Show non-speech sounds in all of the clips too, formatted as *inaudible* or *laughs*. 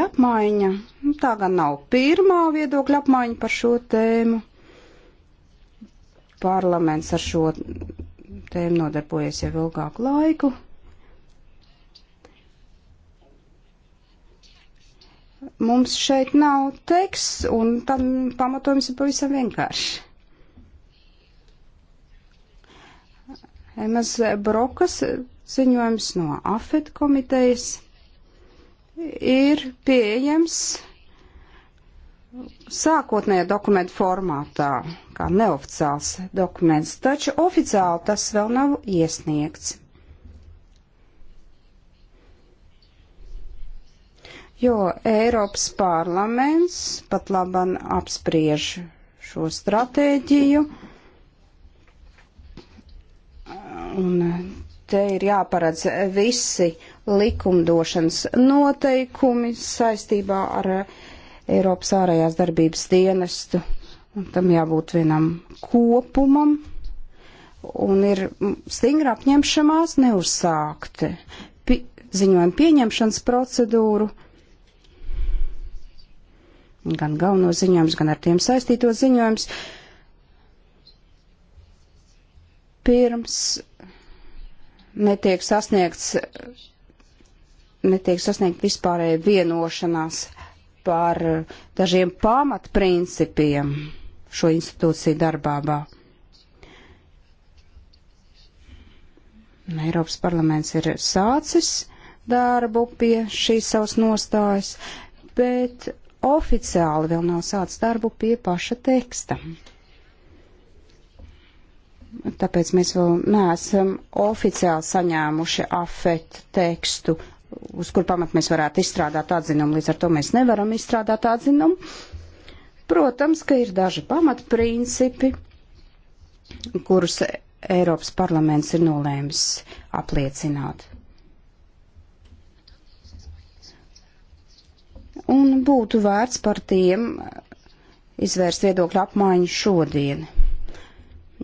apmaiņa. Nu, tā gan nav pirmā viedokļa apmaiņa par šo tēmu. Parlaments ar šo tēmu nodarbojas jau ilgāku laiku. Mums šeit nav teksts, un tam pamatojums ir pavisam vienkārši. Emas Brokas ziņojums no AFET komitejas ir pieejams sākotnējā dokumentu formātā, kā neoficiāls dokuments, taču oficiāli tas vēl nav iesniegts. Jo Eiropas parlaments pat laban apspriež šo stratēģiju, un te ir jāparedz visi likumdošanas noteikumi saistībā ar eh, Eiropas ārējās darbības dienestu. Un tam jābūt vienam kopumam. Un ir mm, stingra apņemšanās neuzsākt pi ziņojumu pieņemšanas procedūru, gan galveno ziņojumus, gan ar tiem saistīto ziņojumus, pirms netiek sasniegts netiek sasniegt vispārēja vienošanās par dažiem pamatprincipiem šo institūciju darbībā. Eiropas parlaments ir sācis darbu pie šīs savas nostājas, bet oficiāli vēl nav sācis darbu pie paša teksta. Tāpēc mēs vēl neesam oficiāli saņēmuši afetu tekstu uz kur pamat mēs varētu izstrādāt atzinumu, līdz ar to mēs nevaram izstrādāt atzinumu. Protams, ka ir daži pamatprincipi, kurus Eiropas parlaments ir nolēmis apliecināt. Un būtu vērts par tiem izvērst viedokļu apmaiņu šodien,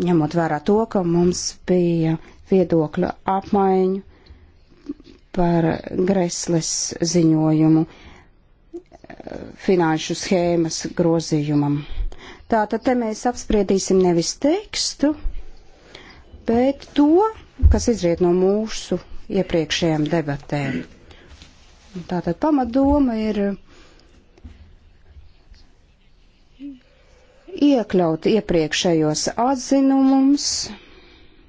ņemot vērā to, ka mums bija viedokļu apmaiņu par Gresles ziņojumu finanšu schēmas grozījumam. Tātad te mēs apspriedīsim nevis tekstu, bet to, kas izriet no mūsu iepriekšējām debatēm. Tātad pamatdoma ir iekļaut iepriekšējos atzinumus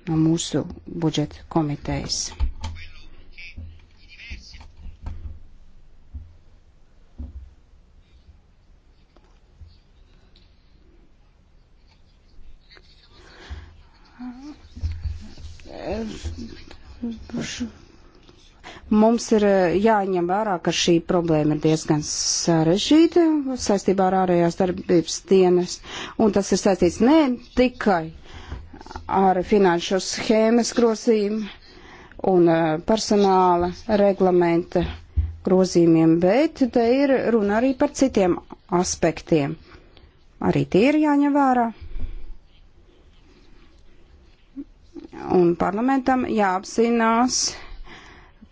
no mūsu budžeta komitejas. Mums ir eh, jāņem vērā, ka šī problēma ir diezgan sarežģīta saistībā ar ārējās darbības dienas, un tas ir saistīts ne tikai ar finanšu schēmas grozījumu un eh, personāla reglamenta grozījumiem, bet te ir runa arī par citiem aspektiem. Arī tie ir jāņem vērā. Un parlamentam jāapzinās,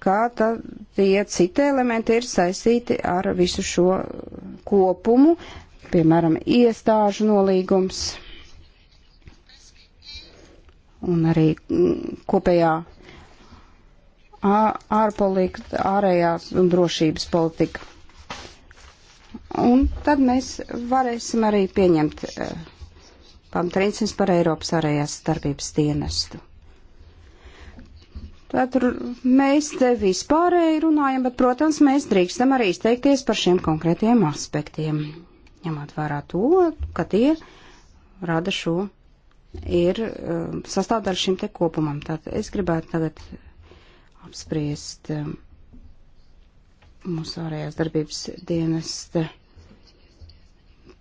kā tad tie citi elementi ir saistīti ar visu šo kopumu, piemēram, iestāžu nolīgums un arī mm, kopējā ārpolitika, ārējās un drošības politika. Un tad mēs varēsim arī pieņemt eh, pamatrīcins par Eiropas ārējās starpības dienestu. Tad mēs te vispārēji runājam, bet, protams, mēs drīkstam arī izteikties par šiem konkrētiem aspektiem, ņemot vērā to, ka tie rada šo, ir um, sastāvdaļa šim te kopumam. Tātad es gribētu tagad apspriest um, mūsu ārējās darbības dienesta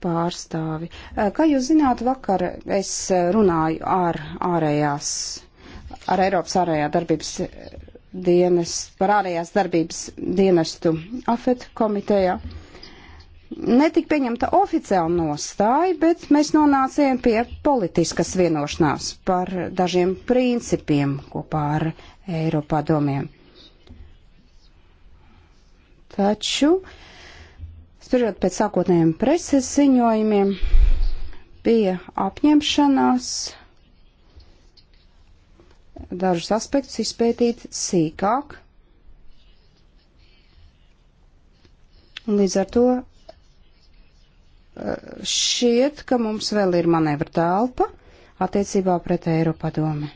pārstāvi. Uh, kā jūs zināt, vakar es uh, runāju ar ārējās ar Eiropas ārējā darbības eh, dienas, par ārējās darbības dienestu AFET komitejā. Netika pieņemta oficiāla nostāja, bet mēs nonācām pie politiskas vienošanās par dažiem principiem kopā ar Eiropā domiem. Taču, spriežot pēc sākotnējiem preses ziņojumiem, bija apņemšanās dažus aspektus izpētīt sīkāk. Un līdz ar to eh, šķiet, ka mums vēl ir manevra telpa attiecībā pret Eiropadomi.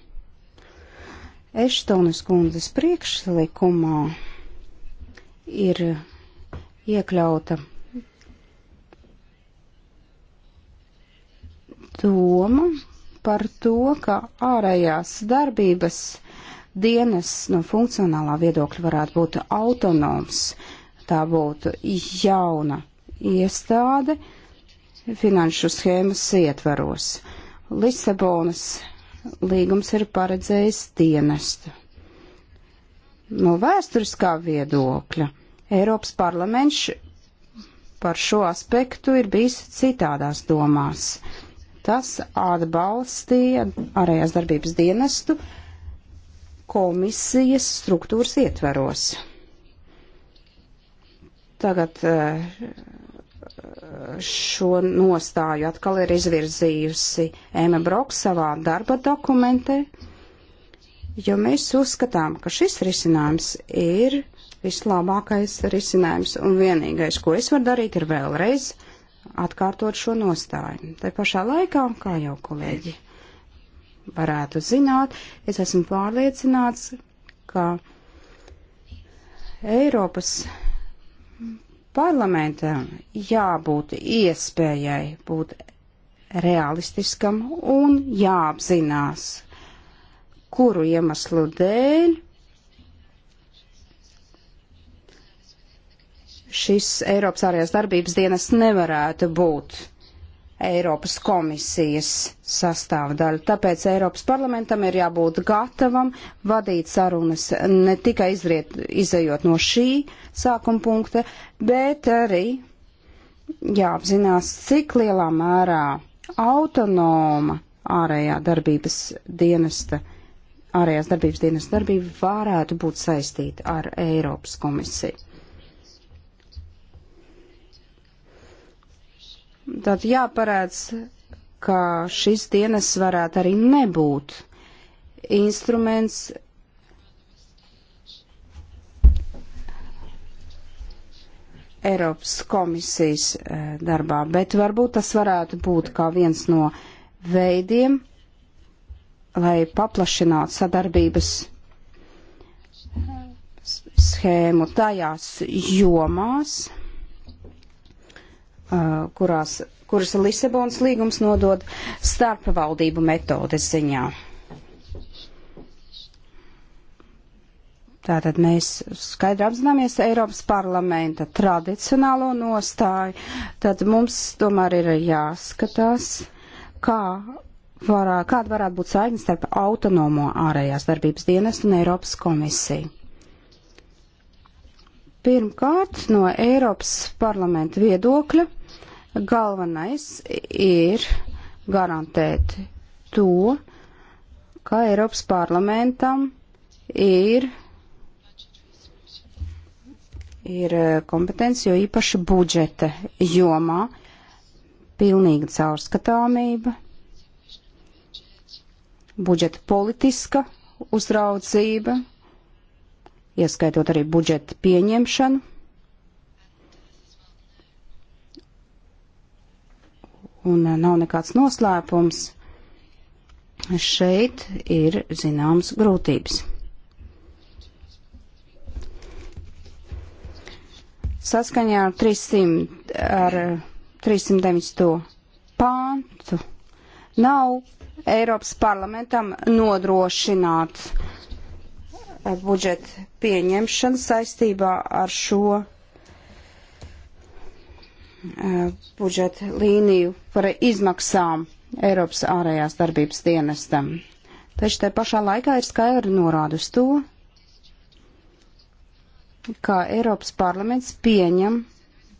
Eštonas kundzes priekšlikumā ir iekļauta doma par to, ka ārējās darbības dienas no funkcionālā viedokļa varētu būt autonoms. Tā būtu jauna iestāde finanšu schēmas ietvaros. Lisabonas līgums ir paredzējis dienestu. No vēsturiskā viedokļa Eiropas parlaments par šo aspektu ir bijis citādās domās tas atbalstīja ārējās darbības dienestu komisijas struktūras ietveros. Tagad eh, šo nostāju atkal ir izvirzījusi Ēma Broks savā darba dokumentē, jo mēs uzskatām, ka šis risinājums ir vislabākais risinājums un vienīgais, ko es varu darīt, ir vēlreiz uh, atkārtot šo nostāju. Tā pašā laikā, kā jau kolēģi varētu zināt, es esmu pārliecināts, ka Eiropas parlamentam jābūt iespējai būt realistiskam un jāapzinās, kuru iemeslu dēļ šis Eiropas ārējās darbības dienas nevarētu būt Eiropas komisijas sastāvdaļa. Tāpēc Eiropas parlamentam ir jābūt gatavam vadīt sarunas ne tikai izriet, izējot no šī sākuma punkta, bet arī jāapzinās, cik lielā mērā autonoma ārējā darbības dienesta, ārējās darbības dienesta darbība varētu būt saistīta ar Eiropas komisiju. Tad jāparāds, ka šis dienas varētu arī nebūt instruments Eiropas komisijas eh, darbā, bet varbūt tas varētu būt kā viens no veidiem, lai paplašinātu sadarbības eh, schēmu tajās jomās, kurās, kuras Lisabonas līgums nodod starpvaldību metodes ziņā. Tātad mēs skaidri apzināmies Eiropas parlamenta tradicionālo nostāju, tad mums tomēr ir jāskatās, kā varā, kāda varētu būt saikne starp autonomo ārējās darbības dienestu un Eiropas komisiju. Pirmkārt, no Eiropas parlamenta viedokļa Galvenais ir garantēt to, ka Eiropas parlamentam ir, ir eh, kompetence, jo īpaši budžeta jomā pilnīga caurskatāmība, budžeta politiska uzraudzība, ieskaitot arī budžeta pieņemšanu. un eh, nav nekāds noslēpums. Šeit ir zināmas grūtības. Saskaņā ar 300, ar 390. Eh, pāntu nav Eiropas parlamentam nodrošināt eh, budžeta pieņemšanu saistībā ar šo Uh, budžeta līniju par izmaksām Eiropas ārējās darbības dienestam. Taču te pašā laikā ir skaidri norādus to, kā Eiropas parlaments pieņem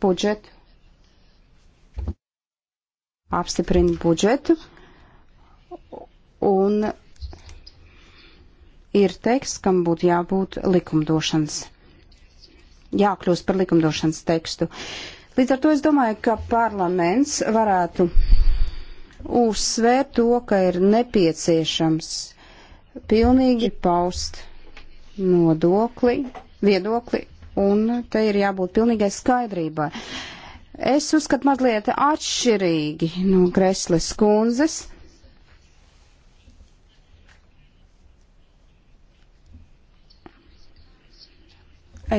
budžetu, apstiprina budžetu, un ir teksts, kam būtu jābūt likumdošanas, jākļūst par likumdošanas tekstu. Uh, Līdz ar to es domāju, ka parlaments varētu uzsvērt to, ka ir nepieciešams pilnīgi paust nodokli, viedokli, un te ir jābūt pilnīgai skaidrībai. Es uzskatu mazliet atšķirīgi no Kresles kundzes.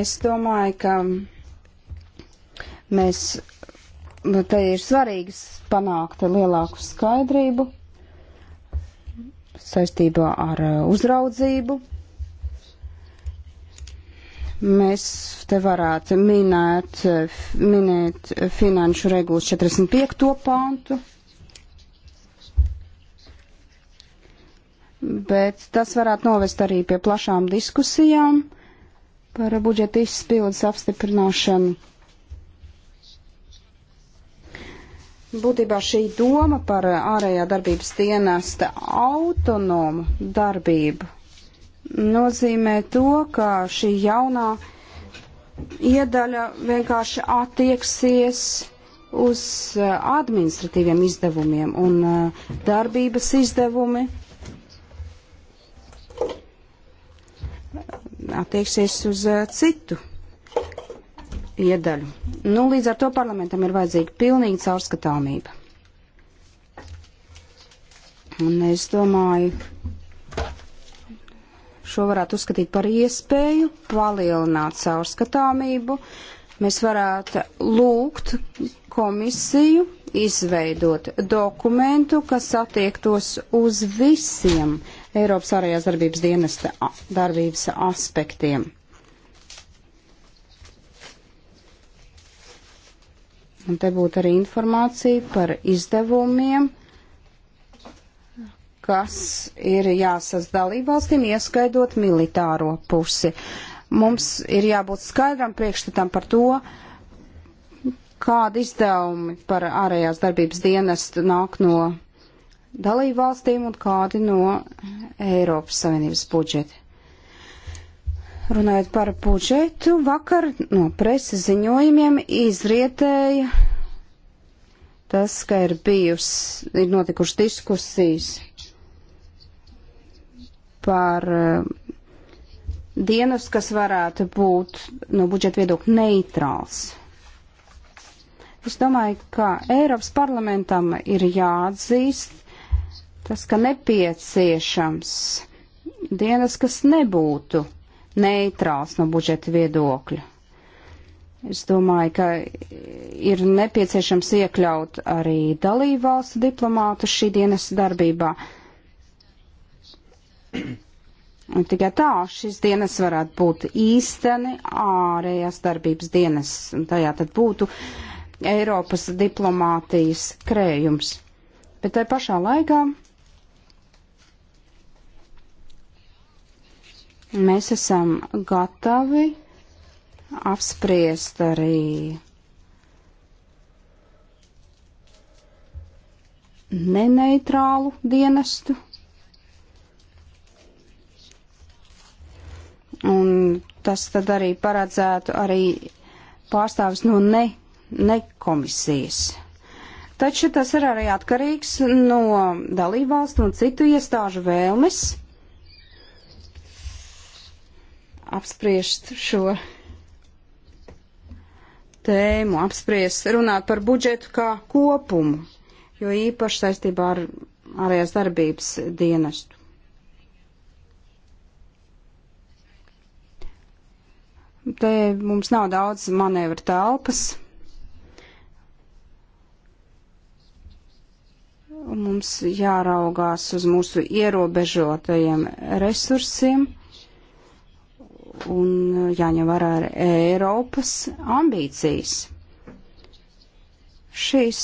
Es domāju, ka Mēs te ir svarīgs panākt lielāku skaidrību saistībā ar uh, uzraudzību. Mēs te varētu minēt, uh, minēt finanšu regulas 45. pāntu, bet tas varētu novest arī pie plašām diskusijām par budžeta izpildes apstiprināšanu Būtībā šī doma par ārējā darbības dienesta autonomu darbību nozīmē to, ka šī jaunā iedaļa vienkārši attieksies uz administratīviem izdevumiem un uh, darbības izdevumi attieksies uz uh, citu iedaļu. Nu, līdz ar to parlamentam ir vajadzīga pilnīga caurskatāmība. Un es domāju, šo varētu uzskatīt par iespēju palielināt caurskatāmību. Mēs varētu lūgt komisiju izveidot dokumentu, kas attiektos uz visiem Eiropas ārējās darbības dienesta darbības aspektiem. Un te būtu arī informācija par izdevumiem, kas ir jāsas dalībvalstīm, ieskaidot militāro pusi. Mums ir jābūt skaidram priekšstatam par to, kāda izdevumi par ārējās darbības dienestu nāk no dalībvalstīm un kādi no Eiropas Savienības budžeta. Runājot par budžetu, vakar no preses ziņojumiem izrietēja tas, ka ir bijusi, ir notikušas diskusijas par eh, dienas, kas varētu būt no budžeta viedokļa neitrāls. Es domāju, ka Eiropas parlamentam ir jāatzīst tas, ka nepieciešams dienas, kas nebūtu neitrāls no budžeta viedokļa. Es domāju, ka ir nepieciešams iekļaut arī dalību valstu diplomātu šī dienas darbībā. Un tikai tā šis dienas varētu būt īsteni ārējās darbības dienas, un tajā tad būtu Eiropas diplomātijas krējums. Bet tai pašā laikā Mēs esam gatavi apspriest arī neneitrālu dienestu. Un tas tad arī paredzētu arī pārstāvis no ne, ne komisijas. Taču tas ir arī atkarīgs no dalībvalstu un citu iestāžu vēlmes apspriest šo tēmu, apspriest, runāt par budžetu kā kopumu, jo īpaši saistībā ar ārējās darbības dienestu. Te mums nav daudz manevra telpas. Mums jāraugās uz mūsu ierobežotajiem resursiem un eh, jāņem vērā ar Eiropas ambīcijas. Šīs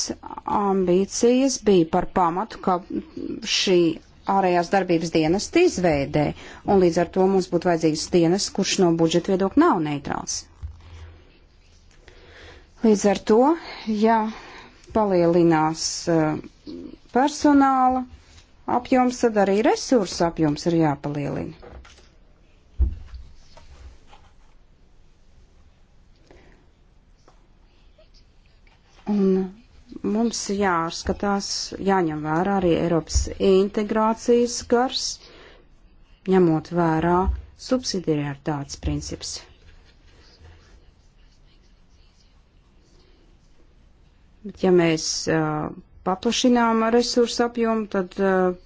ambīcijas bija par pamatu, ka šī ārējās darbības dienesta izveidē, un līdz ar to mums būtu vajadzīgs dienas, kurš no budžeta viedokļa nav neitrāls. Līdz ar to, ja palielinās eh, personāla apjoms, tad arī resursu apjoms ir jāpalielina. Un mums jāskatās, jāņem vērā arī Eiropas integrācijas gars, ņemot vērā subsidiaritātes princips. Bet ja mēs uh, paplašinām resursu apjomu, tad uh,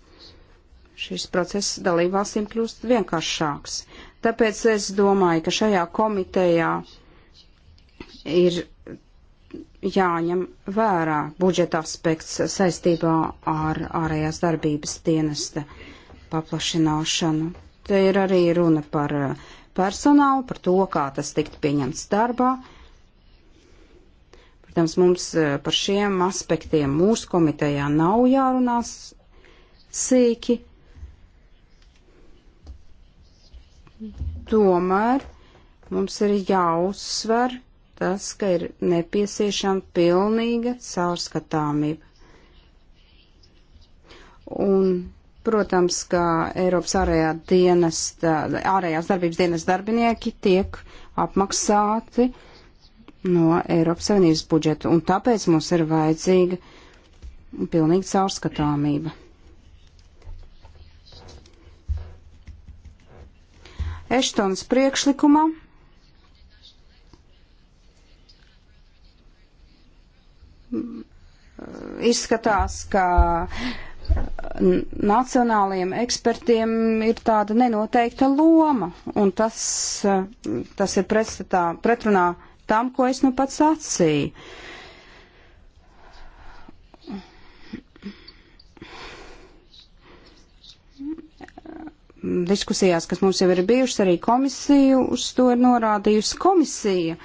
šis process dalībvalstīm kļūst vienkāršāks. Tāpēc es domāju, ka šajā komitejā ir jāņem vērā budžeta aspekts saistībā ar ārējās darbības dienesta paplašināšanu. Te ir arī runa par eh, personālu, par to, kā tas tikt pieņemts darbā. Protams, mums eh, par šiem aspektiem mūsu komitejā nav jārunās sīki. Tomēr mums ir jāuzsver, tas, ka ir nepieciešama pilnīga caurskatāmība. Un, protams, ka Eiropas ārējā dienas, ārējās darbības dienas darbinieki tiek apmaksāti no Eiropas Savienības budžeta, un tāpēc mums ir vajadzīga pilnīga caurskatāmība. Eštons priekšlikumā izskatās, ka nacionālajiem ekspertiem ir tāda nenoteikta loma, un tas, tas ir pretstatā, pretrunā tam, ko es nu pats sacīju. Diskusijās, kas mums jau ir bijušas, arī komisija uz to ir norādījusi. Komisija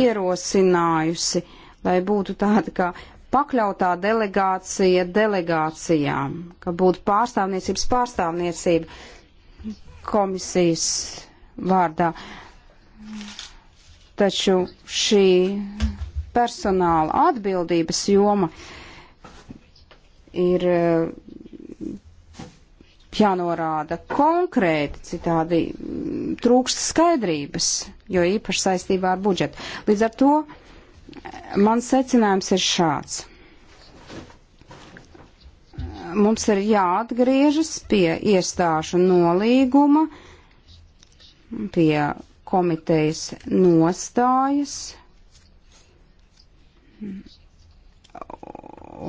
ierosinājusi uh, lai būtu tāda kā pakļautā delegācija delegācijām, ka būtu pārstāvniecības pārstāvniecība komisijas vārdā. Taču šī personāla atbildības joma ir eh, jānorāda konkrēti, citādi trūkst skaidrības, jo īpaši saistībā ar budžetu. Līdz ar to Mans secinājums ir šāds. Mums ir jāatgriežas pie iestāšu nolīguma, pie komitejas nostājas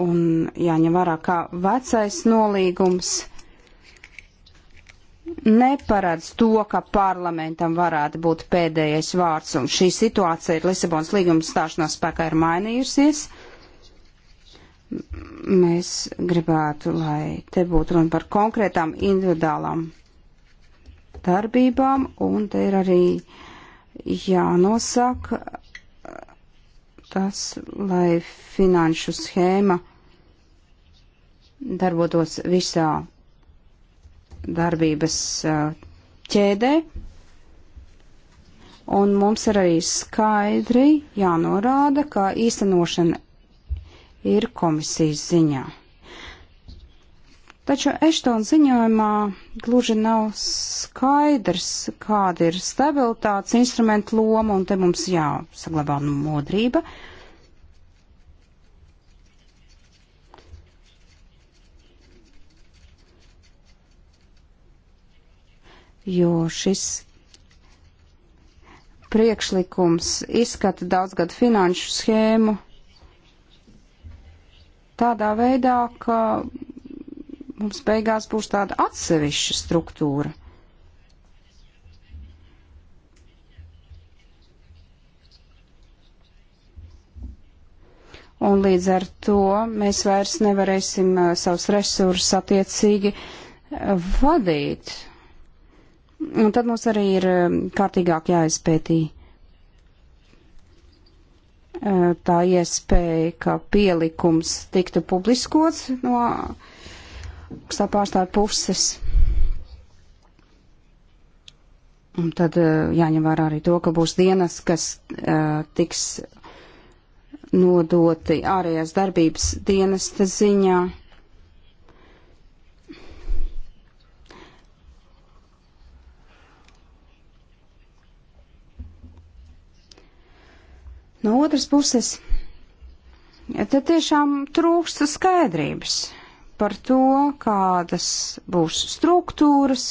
un jāņem vērā, ka vecais nolīgums neparedz to, ka parlamentam varētu būt pēdējais vārds, un šī situācija ir Lisabonas līguma stāšanās spēkā ir mainījusies. Mēs gribētu, lai te būtu runa par konkrētām individuālām darbībām, un te ir arī jānosaka tas, lai finanšu schēma darbotos visā darbības ķēdē. Un mums ir arī skaidri jānorāda, ka īstenošana ir komisijas ziņā. Taču Eštona ziņojumā gluži nav skaidrs, kāda ir stabilitātes instrumentu loma, un te mums jāsaglabā modrība. No jo šis priekšlikums izskata daudzgadu finanšu schēmu tādā veidā, ka mums beigās būs tāda atsevišķa struktūra. Un līdz ar to mēs vairs nevarēsim eh, savus resursus attiecīgi eh, vadīt. Un tad mums arī ir eh, kārtīgāk jāizpētī eh, tā iespēja, ka pielikums tiktu publiskots no augstā pārstāvja puses. Un tad eh, jāņem vērā arī to, ka būs dienas, kas tiks nodoti ārējās darbības dienesta ziņā. No otras puses, tad tiešām trūksta skaidrības par to, kādas būs struktūras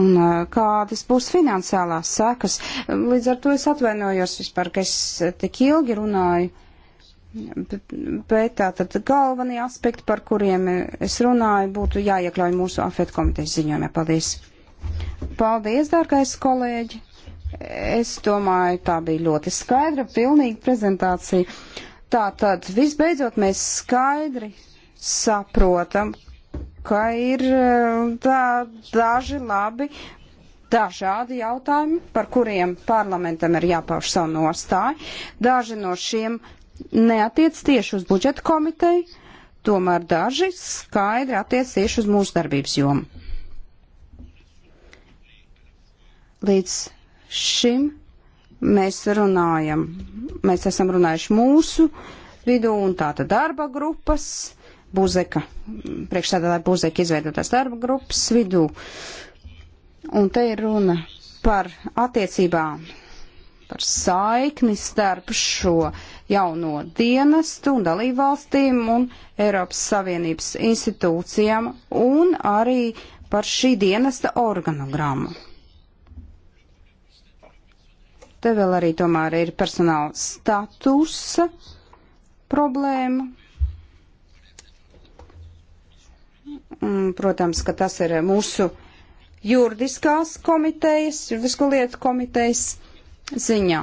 un eh, kādas būs finansiālās sekas. Līdz ar to es atvainojos vispār, ka es tik ilgi runāju. Bet, bet tā tad galvenie aspekti, par kuriem es runāju, būtu jāiekļauj mūsu afet komitejas ziņojumā. Paldies! Paldies, dārgais kolēģi! Es domāju, tā bija ļoti skaidra, pilnīga prezentācija. Tātad, visbeidzot, mēs skaidri saprotam, ka ir eh, tā, daži labi, dažādi jautājumi, par kuriem parlamentam ir jāpauž savu nostāju. Daži no šiem neatiec tieši uz budžeta komiteju, tomēr daži skaidri attiec tieši uz mūsu darbības jomu. Līdz šim mēs runājam, mēs esam runājuši mūsu vidū un tāda darba grupas, Buzeka, priekšstādātāja Buzeka izveidotās darba grupas vidū. Un te ir runa par attiecībām, par saikni starp šo jauno dienestu un dalībvalstīm un Eiropas Savienības institūcijām un arī par šī dienesta organogramu. Te vēl arī tomēr ir personāla statusa problēma. Un, mm, protams, ka tas ir mūsu juridiskās komitejas, juridisko lietu komitejas ziņā.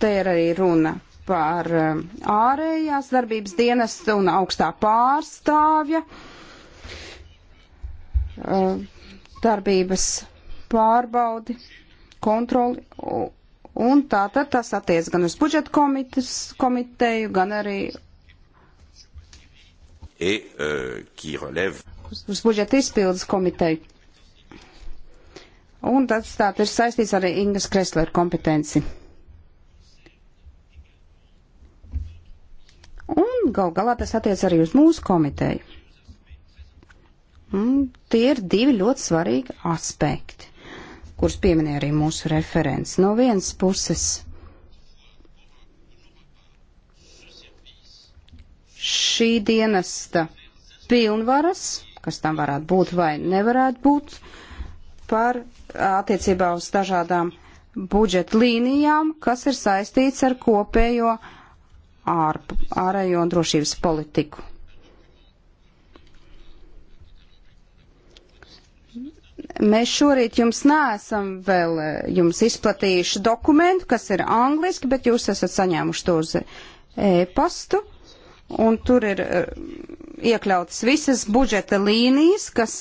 Te ir arī runa par eh, ārējās darbības dienestu un augstā pārstāvja eh, darbības pārbaudi kontroli. Un tātad tas attiec gan uz budžeta komites, komiteju, gan arī et, uh, relève... uz, uz budžeta izpildes komiteju. Un tas tā ir saistīts arī Ingas Kreslera kompetenci. Un gal galā tas attiec arī uz mūsu komiteju. Un tie ir divi ļoti svarīgi aspekti kurus pieminēja arī mūsu referents. No vienas puses šī dienesta pilnvaras, kas tam varētu būt vai nevarētu būt, par attiecībā uz dažādām budžeta līnijām, kas ir saistīts ar kopējo ārp, ārējo un drošības politiku. Mēs šorīt jums neesam vēl eh, jums izplatījuši dokumentu, kas ir angliski, bet jūs esat saņēmuši to uz e-pastu. Un tur ir eh, iekļautas visas budžeta līnijas, kas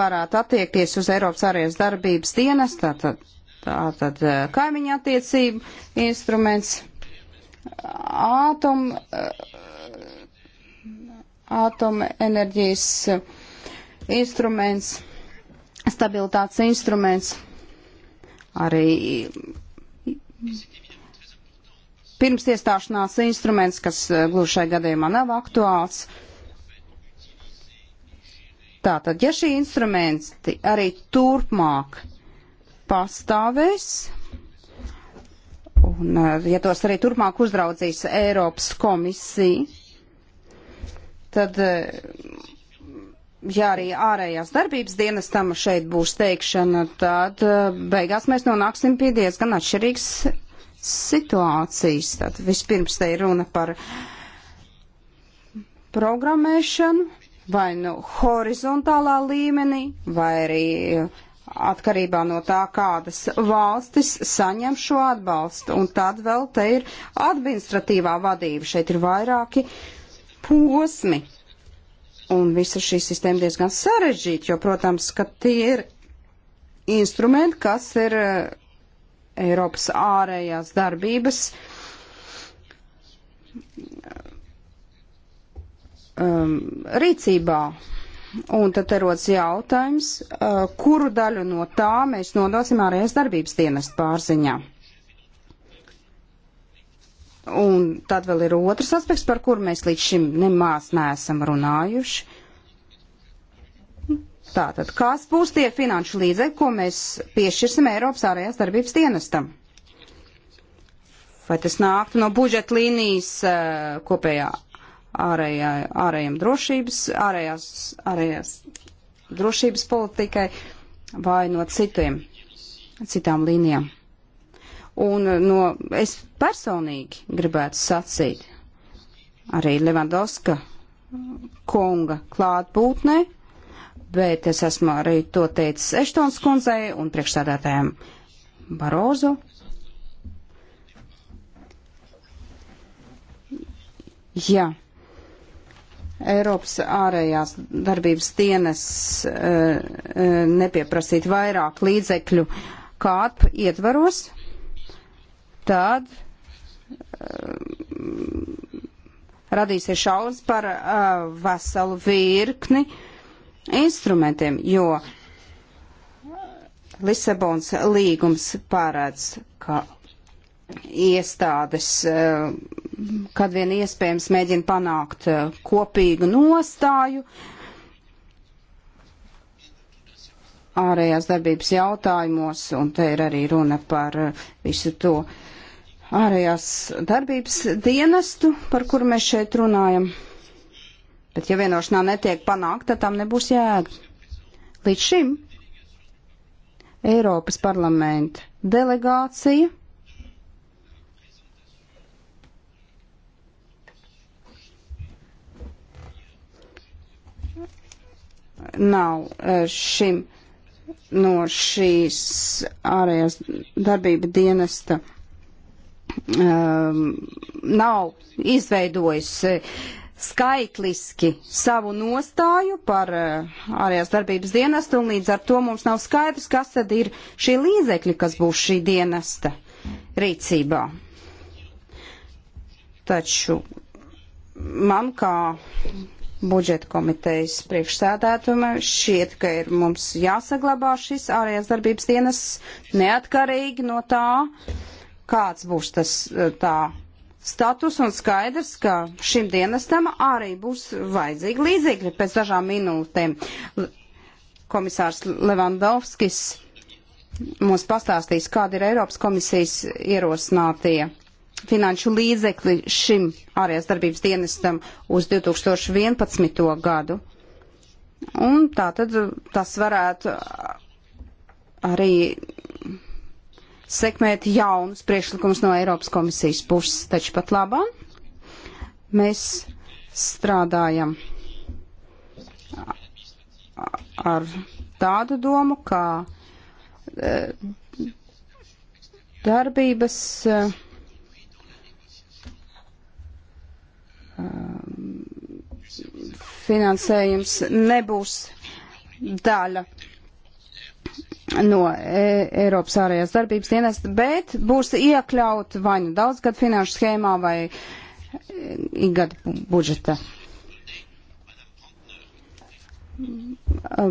varētu attiekties uz Eiropas ārējās darbības dienas, tātad, tātad eh, kaimiņa attiecību instruments, ātom, ātom enerģijas instruments stabilitātes instruments. Arī pirms iestāšanās instruments, kas eh, gluži šai gadījumā nav aktuāls. Tātad, ja šī instrumenti arī turpmāk pastāvēs, un eh, ja tos arī turpmāk uzraudzīs Eiropas komisija, tad eh, ja arī ārējās darbības dienestam šeit būs teikšana, tad eh, beigās mēs nonāksim pie diezgan atšķirīgas situācijas. Tad vispirms te ir runa par programmēšanu, vai nu horizontālā līmenī, vai arī eh, atkarībā no tā, kādas valstis saņem šo atbalstu. Un tad vēl te ir administratīvā vadība. Šeit ir vairāki posmi Un visa šī sistēma diezgan sarežģīta, jo, protams, ka tie ir instrumenti, kas ir eh, Eiropas ārējās darbības um, rīcībā. Un tad rodas jautājums, uh, kuru daļu no tā mēs nodosim ārējās darbības dienestu pārziņā. Un tad vēl ir otrs aspekts, par kuru mēs līdz šim nemās neesam runājuši. Tātad, kas būs tie finanšu līdzekļi, ko mēs piešķirsim Eiropas ārējās darbības dienestam? Vai tas nāktu no budžeta līnijas eh, kopējā ārējā, ārējiem drošības, ārējās, ārējās drošības politikai vai no citiem, citām līnijām? Un eh, no, es personīgi gribētu sacīt arī Levandovska kunga klātbūtnē, bet es esmu arī to teicis Eštons kundzei un priekšsādātājiem Barozu. Jā. Eiropas ārējās darbības dienas eh, eh, nepieprasīt vairāk līdzekļu kāpu ietvaros, tad eh, radīsies šaubas par uh, veselu virkni instrumentiem, jo Lisabons līgums pārēdz, ka iestādes, uh, kad vien iespējams, mēģina panākt uh, kopīgu nostāju ārējās darbības jautājumos, un te ir arī runa par visu to uh, ārējās darbības dienestu, par kuru mēs šeit runājam. Bet ja vienošanā netiek panākta, tam nebūs jēga. Līdz šim Eiropas parlamenta delegācija nav eh, šim no šīs ārējās darbība dienesta um, nav izveidojusi e, skaitliski savu nostāju par uh, ārējās darbības dienestu, un līdz ar to mums nav skaidrs, kas tad ir šie līdzekļi, kas būs šī dienesta rīcībā. Taču man kā budžeta komitejas priekšsēdētuma šķiet, ka ir mums jāsaglabā šis ārējās darbības dienas neatkarīgi no tā, uh, kāds būs tas eh, tā status un skaidrs, ka šim dienestam arī būs vajadzīgi līdzekļi pēc dažām minūtēm. Komisārs Levandovskis mums pastāstīs, kāda ir Eiropas komisijas ierosinātie finanšu līdzekļi šim ārējās darbības dienestam uz 2011. gadu. Un tā tad tas varētu arī sekmēt jaunus priekšlikumus no Eiropas komisijas puses, taču pat labāk mēs strādājam ar tādu domu, kā e, darbības e, finansējums nebūs daļa no e Eiropas ārējās darbības dienesta, bet būs iekļaut vai nu daudzgad finanšu schēmā vai ikgad e, budžeta.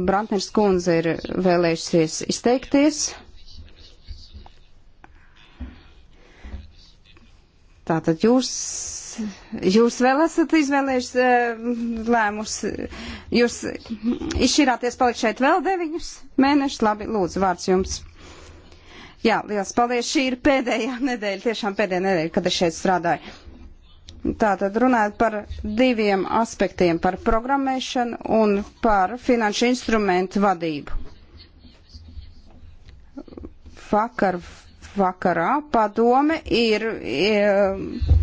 Brantners kundze ir vēlējusies izteikties. Tātad jūs Jūs vēl esat izvēlējušies eh, lēmus. Jūs izšķirāties palikt šeit vēl deviņus mēnešus. Labi, lūdzu, vārds jums. Jā, liels paldies. Šī ir pēdējā *laughs* nedēļa, tiešām pēdējā nedēļa, kad es šeit strādāju. Tātad runājot par diviem aspektiem - par programmēšanu un par finanšu instrumentu vadību. Vakar, vakarā padome ir. ir eh,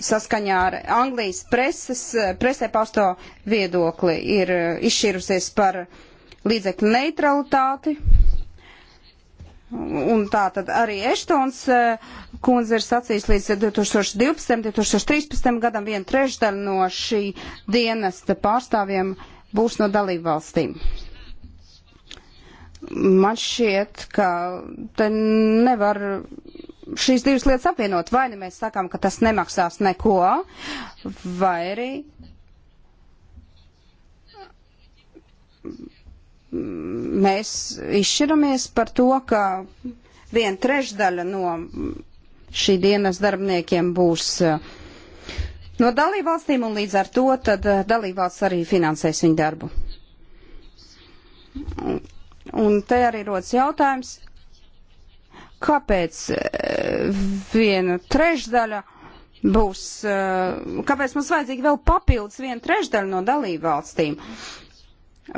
saskaņā ar Anglijas preses, eh, presē pausto viedokli ir eh, izšķirusies par līdzekļu neutralitāti. Un tā tad arī Eštons eh, kundze ir sacījis līdz 2012. 2013. gadam vienu trešdaļu no šī dienesta pārstāvjiem būs no dalību valstīm. Man šķiet, ka te nevar šīs divas lietas apvienot. Vai nu mēs sakām, ka tas nemaksās neko, vai arī mēs izšķiramies par to, ka viena trešdaļa no šī dienas darbiniekiem būs eh, no dalībvalstīm, un līdz ar to tad eh, dalībvalsts arī finansēs viņu darbu. Un te arī rodas jautājums, Kāpēc eh, viena trešdaļa būs, eh, kāpēc mums vajadzīga vēl papildus viena trešdaļa no dalību valstīm?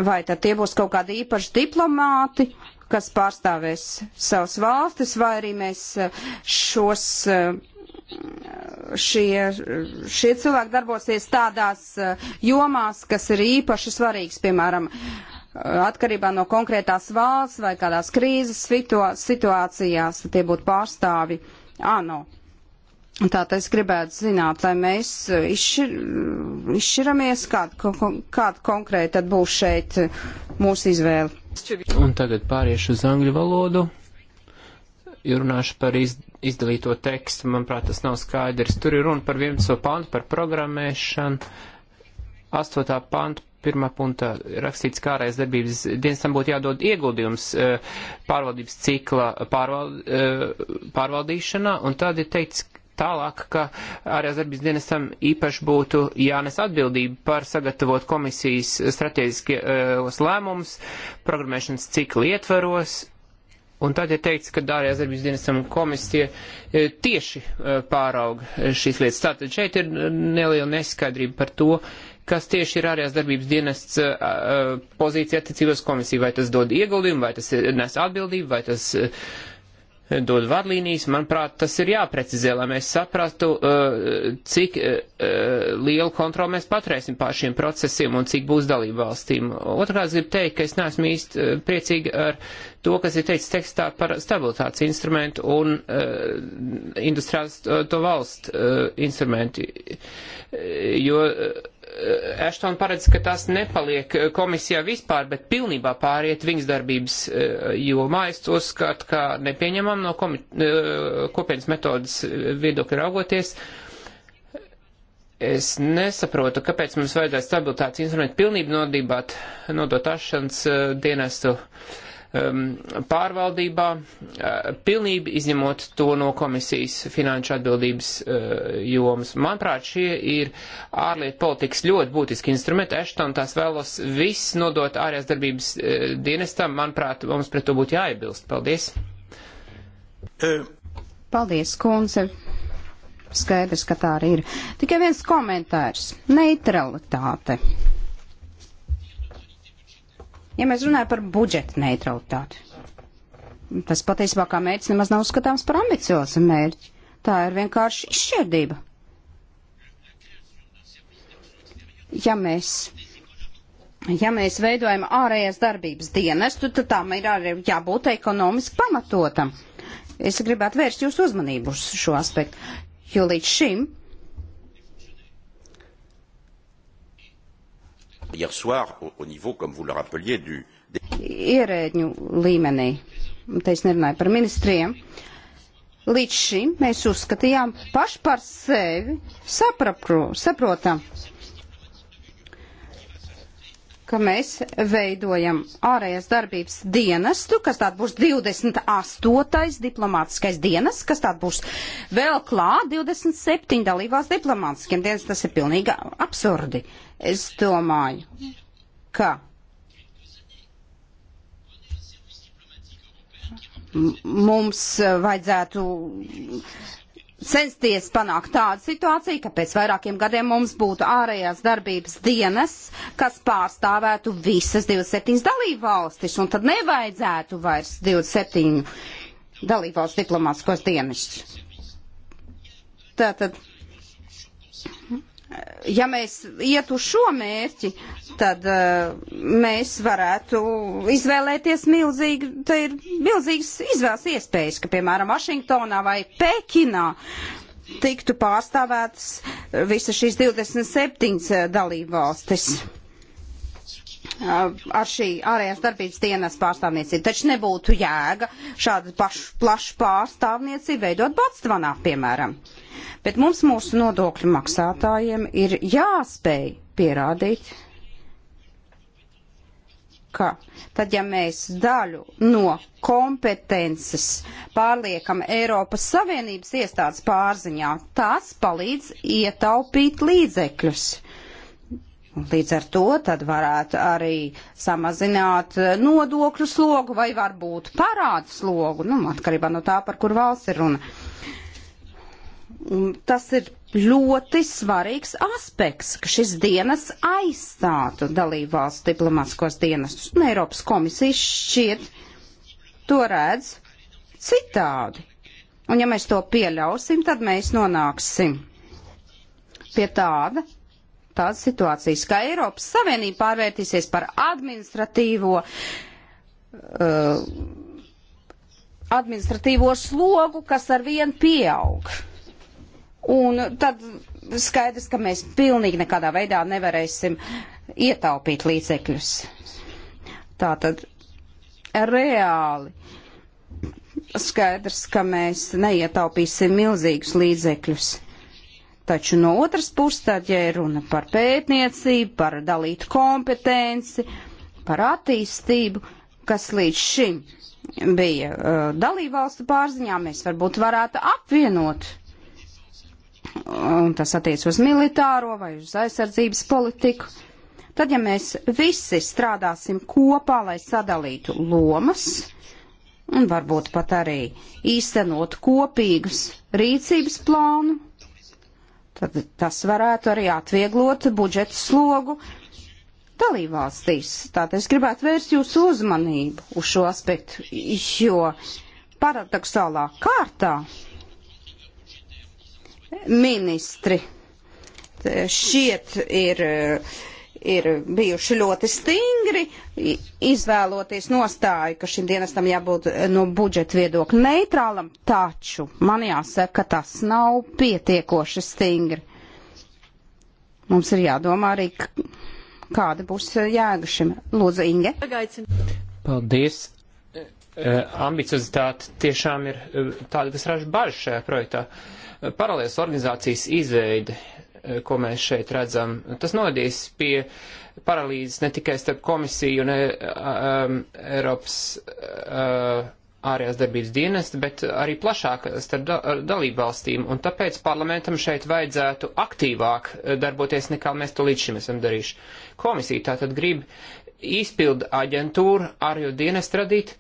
Vai tad tie būs kaut kādi īpaši diplomāti, kas pārstāvēs savas valstis, vai arī mēs eh, šos šie, šie cilvēki darbosies tādās jomās, kas ir īpaši svarīgas, piemēram, uh, atkarībā no konkrētās valsts vai kādās krīzes situācijās tie būtu pārstāvi ANO. Tātad es gribētu zināt, lai mēs izšķir, izšķiramies, kāda, kāda konkrēti tad būs šeit mūsu izvēle. Un tagad pāriešu uz angļu valodu. Ja runāšu par iz, izdalīto tekstu, manuprāt, tas nav skaidrs. Tur ir runa par 11. pantu par programmēšanu, 8. pantu pirmā punktā rakstīts, kā ārējas darbības dienestam būtu jādod ieguldījums eh, pārvaldības cikla pārvald, eh, pārvaldīšanā, un tad ir teikts tālāk, ka ārējās darbības dienestam īpaši būtu jānes atbildība par sagatavot komisijas strateģiskos lēmumus programmēšanas cikla ietveros, Un tad ir teikts, ka Dārijas darbības dienestam komisija eh, tieši pārauga šīs lietas. Tātad šeit ir neliela neskaidrība par to, kas tieši ir ārējās darbības dienests eh, eh, pozīcija attiecības komisija, vai tas dod ieguldījumu, vai tas nes atbildību, vai tas eh, dod vadlīnijas. Manuprāt, tas ir jāprecizē, lai mēs saprastu, cik lielu kontroli mēs paturēsim pār šiem procesiem un cik būs dalību valstīm. Otrkārt, gribu teikt, ka es neesmu īsti priecīgi ar to, kas ir teicis tekstā par stabilitātes instrumentu un industriāls to valstu instrumenti, jo Eh, Ashton paredz, ka tas nepaliek komisijā vispār, bet pilnībā pāriet viņas darbības eh, jomā. Es uzskatu, ka nepieņemam no eh, kopienas metodas viedokļa raugoties. Es nesaprotu, kāpēc mums vajadzētu stabilitātes instrumentu pilnību nodībāt, nodot ašanas dienestu. Uh, Um, pārvaldībā, uh, pilnība izņemot to no komisijas finanšu atbildības uh, jomas. Manuprāt, šie ir ārlietu politikas ļoti būtiski instrumenti. Ešton tās vēlos viss nodot ārējās darbības uh, dienestam. Manuprāt, mums pret to būtu jāiebilst. Paldies! Paldies, kundze! Skaidrs, ka tā arī ir. Tikai viens komentārs - neutralitāte. Ja mēs runājam par budžeta neutralitāti, tas patiesībā kā mērķis nemaz nav uzskatāms par ambiciozu mērķi. Tā ir vienkārši izšķērdība. Ja mēs, ja mēs veidojam ārējās darbības dienestu, tad tam ir arī jābūt ekonomiski pamatotam. Es gribētu vērst jūsu uzmanību uz šo aspektu, jo līdz šim hier soir au, au niveau, comme vous le rappeliez, du... Ierēģņu līmenī, te es nerunāju par ministriem, līdz šim mēs uzskatījām paši par sevi saprapro, saprotam ka mēs veidojam ārējās darbības dienestu, kas tād būs 28. diplomātiskais dienas, kas tād būs vēl klāt 27 dalībās diplomātiskiem dienas. Tas ir pilnīgi absurdi. Es domāju, ka mums vajadzētu censties panākt tādu situāciju, ka pēc vairākiem gadiem mums būtu ārējās darbības dienas, kas pārstāvētu visas 27 dalību valstis, un tad nevajadzētu vairs 27 dalību valstu diplomātskos dienestus. Tātad ja mēs iet uz šo mērķi, tad uh, mēs varētu izvēlēties milzīgi, te ir milzīgas izvēles iespējas, ka, piemēram, Vašingtonā vai Pekinā tiktu pārstāvētas visas šīs 27 dalībvalstis. Mm. Uh, ar šī ārējās darbības dienas pārstāvniecību. Taču nebūtu jēga šādu plašu pārstāvniecību veidot Batstvanā, piemēram. Bet mums mūsu nodokļu maksātājiem ir jāspēj pierādīt, ka tad, ja mēs daļu no kompetences pārliekam Eiropas Savienības iestādes pārziņā, tas palīdz ietaupīt līdzekļus. Uh, Līdz ar to tad varētu arī samazināt eh, nodokļu slogu vai varbūt parādu slogu, nu, atkarībā no tā, par kur valsts ir runa. Tas ir ļoti svarīgs aspekts, ka šis dienas aizstātu dalību valsts diplomātskos dienestus, un Eiropas komisijas šķiet to redz citādi. Un ja mēs to pieļausim, tad mēs nonāksim pie tāda tādas situācijas, ka Eiropas Savienība pārvērtīsies par administratīvo, uh, administratīvo slogu, kas ar vienu pieaug. Un tad skaidrs, ka mēs pilnīgi nekādā veidā nevarēsim ietaupīt līdzekļus. Tātad reāli skaidrs, ka mēs neietaupīsim milzīgus līdzekļus. Taču no otras puses, tad, ja ir runa par pētniecību, par dalītu kompetenci, par attīstību, kas līdz šim bija uh, dalībvalstu pārziņā, mēs varbūt varētu apvienot. Un tas attiec uz militāro vai uz aizsardzības politiku. Tad, ja mēs visi strādāsim kopā, lai sadalītu lomas, un varbūt pat arī īstenot kopīgus rīcības plānu, Tad tas varētu arī atvieglot budžeta slogu dalībvalstīs. Tātad es gribētu vērst jūsu uzmanību uz šo aspektu, jo paradoxālā kārtā ministri šiet ir uh, ir bijuši ļoti stingri, izvēloties nostāju, ka šim dienestam jābūt eh, no budžeta viedokļa neitrālam, taču man jāsaka, ka tas nav pietiekoši stingri. Mums ir jādomā arī, kāda būs eh, jēga šim. Lūdzu, Inge. Paldies. Eh, ambiciozitāte tiešām ir tāda, kas raža bažas šajā projektā. Paralēlas organizācijas izveide Eh, ko mēs šeit redzam. Tas nodīs pie paralīzes ne tikai starp komisiju un um, Eiropas uh, ārējās darbības dienestu, bet arī plašāk starp dalību valstīm, un tāpēc parlamentam šeit vajadzētu aktīvāk darboties, nekā mēs to līdz šim esam darījuši. Komisija tātad grib izpildu aģentūru ārējo dienestu radīt,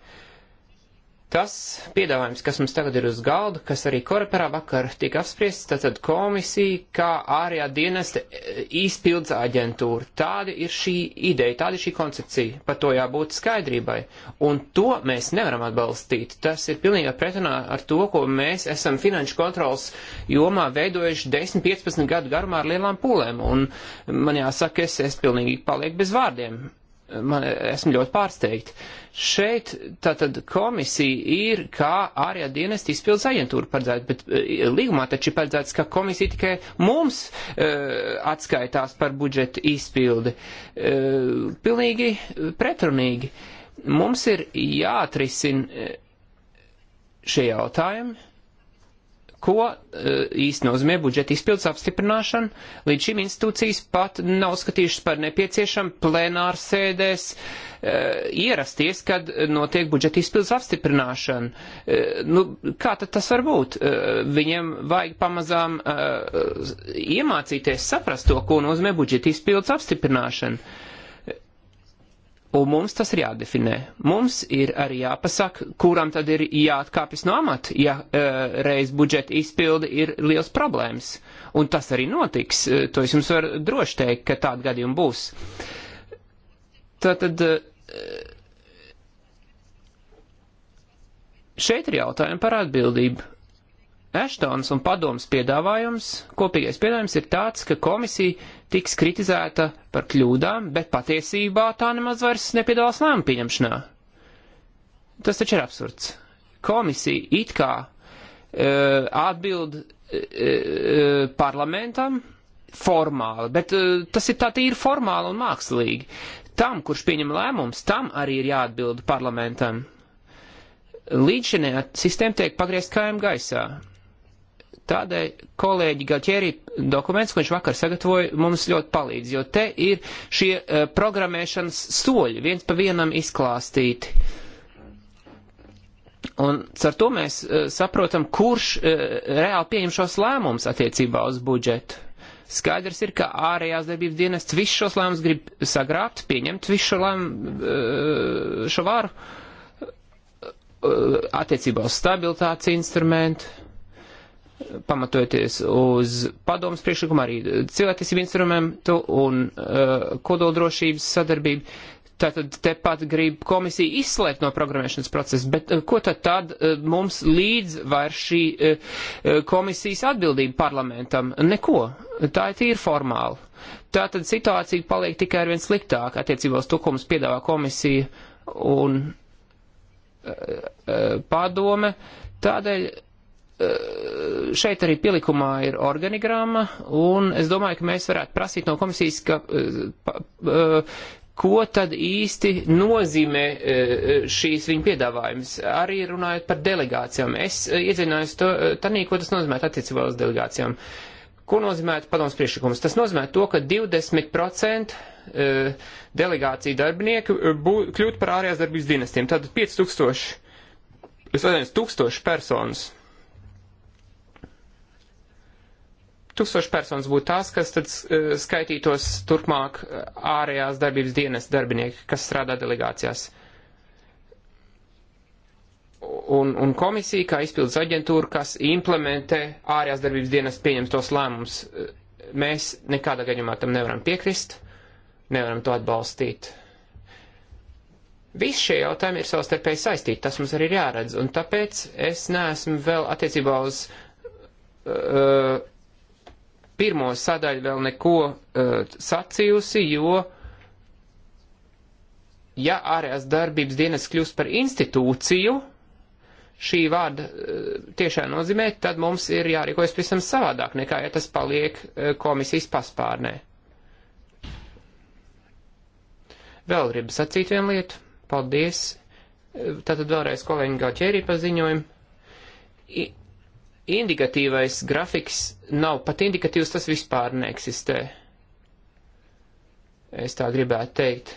Tas piedāvājums, kas mums tagad ir uz galda, kas arī koreperā vakar tika apspriests, tātad komisija, kā ārējā dienesta e, izpildes aģentūra. Tāda ir šī ideja, tāda ir šī koncepcija. Par to jābūt skaidrībai. Un to mēs nevaram atbalstīt. Tas ir pilnīgi pretrunā ar to, ko mēs esam finanšu kontrols jomā veidojuši 10-15 gadu garumā ar lielām pūlēm. Un man jāsaka, es, es pilnīgi palieku bez vārdiem man esmu ļoti pārsteigti. Šeit tātad komisija ir kā ārējā dienesta izpildes aģentūra paredzēta, bet e, līgumā taču ir paredzēts, ka komisija tikai mums uh, atskaitās par budžeta izpildi. Uh, pilnīgi pretrunīgi. Mums ir jāatrisina šie jautājumi ko eh, īsti nozīmē budžeta izpildes apstiprināšana. Līdz šim institūcijas pat nav skatījušas par nepieciešamu plenāru sēdēs eh, ierasties, kad notiek budžeta izpildes apstiprināšana. Eh, nu, kā tad tas var būt? Viņiem vajag pamazām iemācīties saprast to, ko nozīmē budžeta izpildes apstiprināšana Un mums tas ir jādefinē. Mums ir arī jāpasaka, kuram tad ir jāatkāpjas no amata, ja uh, reiz budžeta izpildi ir liels problēmas. Un tas arī notiks. Uh, to es jums varu droši teikt, ka tāda gadījuma būs. Tātad. Uh, Šeit ir jautājumi par atbildību. Ashtons un padoms piedāvājums, kopīgais piedāvājums ir tāds, ka komisija tiks kritizēta par kļūdām, bet patiesībā tā nemaz vairs nepiedalās lēmu pieņemšanā. Tas taču ir absurds. Komisija it kā uh, atbild uh, uh, parlamentam formāli, bet uh, tas ir tā tīri formāli un mākslīgi. Tam, kurš pieņem lēmums, tam arī ir jāatbild parlamentam. Līdz šim sistēma tiek pagriezt kājām gaisā Tādēļ kolēģi Galķēri dokuments, ko viņš vakar sagatavoja, mums ļoti palīdz, jo te ir šie uh, programmēšanas soļi viens pa vienam izklāstīti. Un ar to mēs uh, saprotam, kurš uh, reāli pieņem šos lēmumus attiecībā uz budžetu. Skaidrs ir, ka ārējās darbības dienests visus šos lēmumus grib sagrābt, pieņemt visu šo lēmumu, uh, šo varu attiecībā uz stabilitātes instrumentu pamatojoties uz padomus priekšlikumu, arī cilvēktiesību instrumentu un uh, kodoldrošības sadarbību. Tātad tepat grib komisija izslēgt no programmēšanas procesa, bet uh, ko tad tad uh, mums līdz vairs šī uh, komisijas atbildība parlamentam? Neko. Tā ir tīri formāli. Tātad situācija paliek tikai arvien sliktāka attiecībā uz to, ko mums piedāvā komisija un uh, uh, padome. Tādēļ Eh, šeit arī pielikumā ir organigrama, un es domāju, ka mēs varētu prasīt no komisijas, ka, eh, eh, ko tad īsti nozīmē šīs viņa piedāvājums. Arī runājot par delegācijām, es iedzinājos to, tanī, ko tas nozīmē attiecībā uz delegācijām. Ko nozīmē padoms priekšlikums? Tas nozīmē to, ka 20% delegāciju darbinieku kļūt par ārējās darbības dienestiem. Tātad 5000, es atvainojos, 1000 personas tūkstoši personas būtu tās, kas tad eh, skaitītos turpmāk eh, ārējās darbības dienas darbinieki, kas strādā delegācijās. Un, un komisija, kā izpildus aģentūra, kas implementē ārējās darbības dienas pieņemtos lēmumus, eh, mēs nekādā gadījumā tam nevaram piekrist, nevaram to atbalstīt. Visi šie jautājumi ir savstarpēji saistīti, tas mums arī ir jāredz, un tāpēc es neesmu vēl attiecībā uz uh, pirmo sadaļu vēl neko uh, sacījusi, jo, ja ārējās darbības dienas kļūst par institūciju, šī vārda uh, tiešā nozīmē, tad mums ir jārīkojas pavisam savādāk nekā, ja tas paliek uh, komisijas paspārnē. Vēl gribu sacīt vienu lietu. Paldies. Tātad vēlreiz kolēģi Gauķērī paziņojumu indikatīvais grafiks nav pat indikatīvs, tas vispār neeksistē. Es tā gribētu teikt.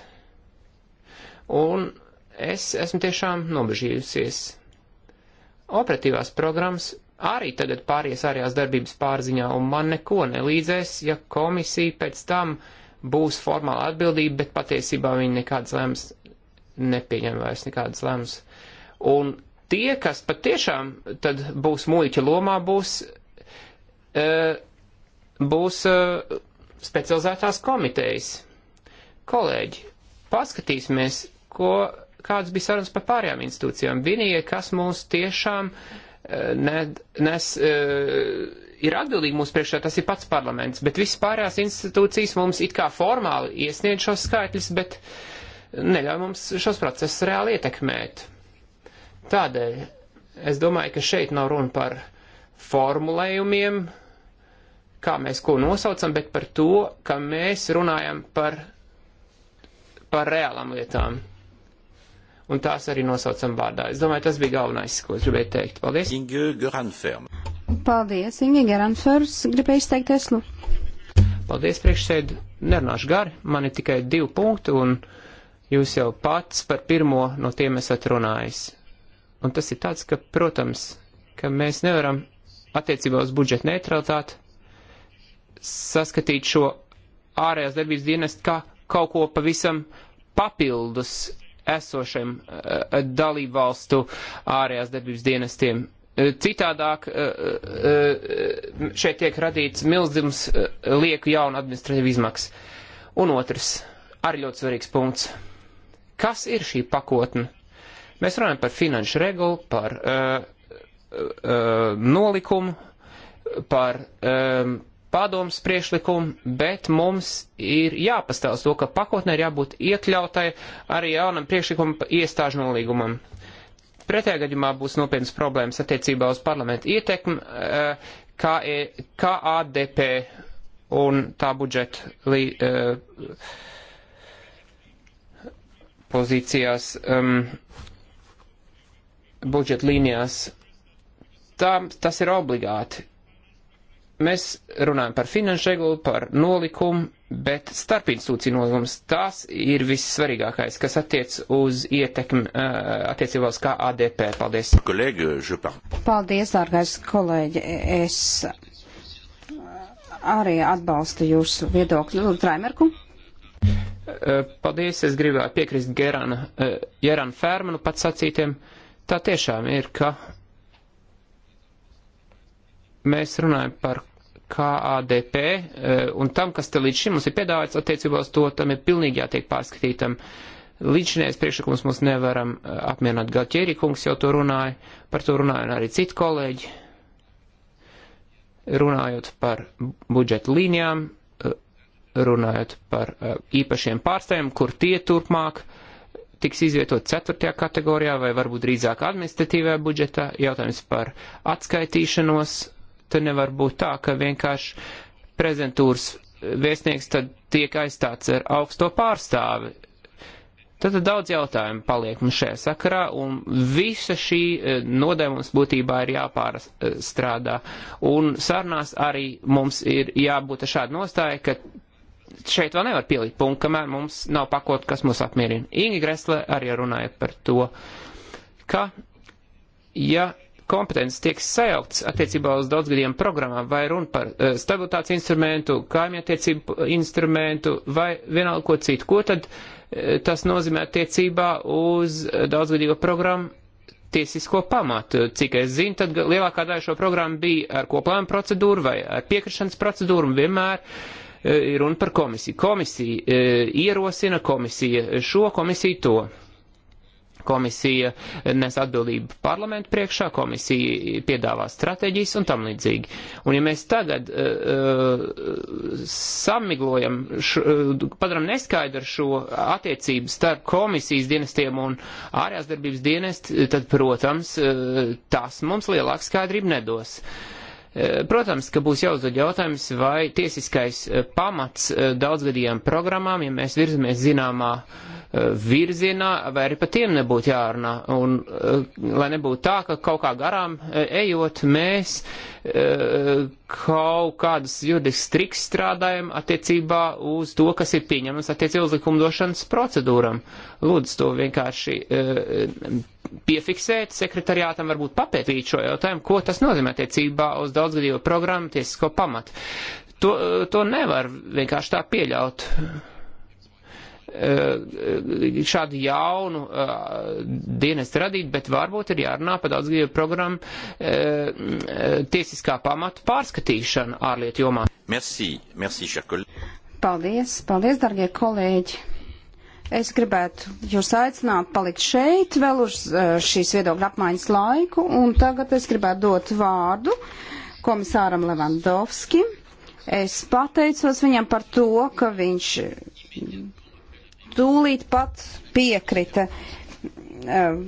Un es esmu tiešām nobežījusies. Operatīvās programmas arī tagad pāries ārējās darbības pārziņā, un man neko nelīdzēs, ja komisija pēc tam būs formāla atbildība, bet patiesībā viņi nekādas lēmas nepieņem vairs nekādas lēmas. Un tie, kas patiešām tad būs muļķa lomā, būs, e, būs e, specializētās komitejas. Kolēģi, paskatīsimies, ko, kādas bija sarunas par pārējām institūcijām. Vienīgie, kas mūs tiešām e, ne, nes, ir atbildīgi mūsu priekšā, tas ir pats parlaments, bet visas pārējās institūcijas mums it kā formāli iesniedz šos skaitļus, bet neļauj mums šos procesus reāli ietekmēt Tādēļ es domāju, ka šeit nav runa par formulējumiem, kā mēs ko nosaucam, bet par to, ka mēs runājam par, par reālām lietām. Un tās arī nosaucam vārdā. Es domāju, tas bija galvenais, ko es gribēju teikt. Paldies! Inge Granferm. Paldies, Inge Granfers. Gribēju izteikt Eslu. Nu. Paldies, priekšsēd. Nerunāšu gari, man ir tikai divi punkti, un jūs jau pats par pirmo no tiem esat runājis un tas ir tāds, ka, protams, ka mēs nevaram attiecībā uz budžeta neutralitāti saskatīt šo ārējās darbības dienestu kā kaut ko pavisam papildus esošiem uh, dalību valstu ārējās darbības dienestiem. Eh, citādāk eh, šeit tiek radīts milzīgs lieku jaunu administratīvu izmaksu. Un otrs, arī ļoti svarīgs punkts. Kas ir šī pakotne? Mēs runājam par finanšu regulu, par uh, uh, nolikumu, par um, eh, padomus priekšlikumu, bet mums ir jāpastāst to, ka pakotnē ir jābūt iekļautai arī jaunam priekšlikumam pa iestāžu nolīgumam. Pretējā gadījumā būs nopietnas problēmas attiecībā uz parlamentu ietekmi, uh, KE, KADP un tā budžeta. Li, uh, pozīcijās. Um, budžeta līnijās, tā, tas ir obligāti. Mēs runājam par finanšu regulu, par nolikumu, bet starpinstitūciju nolīgums tas ir vissvarīgākais, kas attiec uz ietekmi attiecībā uz KADP. Paldies. Kolēģi, Paldies, dārgais kolēģi. Es arī atbalstu jūsu viedokli. Lūdzu, Traimerku. Paldies, es gribēju piekrist Gerana, Gerana Fērmanu pats sacītiem. Uh, Tā tiešām ir, ka mēs runājam par KADP, e, un tam, kas te līdz šim mums ir piedāvāts attiecībā uz to, tam ir pilnīgi jātiek pārskatītam. Līdzinējais priekšlikums mums nevaram e, apmierināt. Galķēri kungs jau to runāja, par to runāja arī citi kolēģi. Runājot par budžeta līnijām, e, runājot par īpašiem pārstāvjiem, kur tie turpmāk uh, tiks izvietot ceturtajā kategorijā vai varbūt drīzāk administratīvajā budžetā. Jautājums par atskaitīšanos. Te nevar būt tā, ka vienkārši prezentūras vēstnieks tad tiek aizstāts ar augsto pārstāvi. Tad, tad daudz jautājumu paliek mums šajā sakarā, un visa šī e, nodaļa mums būtībā ir jāpārstrādā. Un sarunās arī mums ir jābūt ar šādu nostāju, ka šeit vēl nevar pielikt punktu, kamēr mums nav pakot, kas mūs apmierina. Ingi Gresle arī runāja par to, ka, ja kompetences tiek sajauktas attiecībā uz daudzgadiem programmām, vai runa par uh, stabilitātes instrumentu, kaimietiecību instrumentu, vai vienalga ko citu, ko tad uh, tas nozīmē attiecībā uz uh, daudzgadīgo programmu tiesisko pamatu. Cik es zinu, tad lielākā daļa šo programmu bija ar koplēmu procedūru vai ar piekrišanas procedūru un vienmēr uh, ir e, runa par komisiju. Komisija e, ierosina, komisija šo, komisija to komisija nes atbildību parlamentu priekšā, komisija piedāvā stratēģijas un tam līdzīgi. Un ja mēs tagad uh, samiglojam, š, uh, padaram neskaidru šo attiecību starp komisijas dienestiem un ārējās darbības dienest, tad, protams, uh, tas mums lielāku skaidrību nedos. Uh, E, protams, ka būs jāuzdod jautājums, vai tiesiskais e, pamats e, daudzgadījām programmām, ja mēs virzamies zināmā virzienā, vai arī par tiem nebūtu jārunā. Un, lai nebūtu tā, ka kaut kā garām ejot, mēs kaut kādas juridiskas triks strādājam attiecībā uz to, kas ir pieņemams attiecībā uz likumdošanas procedūram. Lūdzu, to vienkārši piefiksēt sekretariātam, varbūt papētīt šo jautājumu, ko tas nozīmē attiecībā uz daudzgadīgo programmu tiesisko pamatu. To, to nevar vienkārši tā pieļaut. Eh, šādu jaunu uh, dienestu radīt, bet varbūt ir jārunā par daudzgadīgu programmu uh, tiesiskā pamatu pārskatīšanu ārlietu jomā. Merci, merci, Paldies, paldies, darbie kolēģi! Es gribētu jūs aicināt palikt šeit vēl uz eh, šīs viedokļa apmaiņas laiku, un tagad es gribētu dot vārdu komisāram Levandovskim. Es pateicos viņam par to, ka viņš tūlīt pat piekrita. Uh,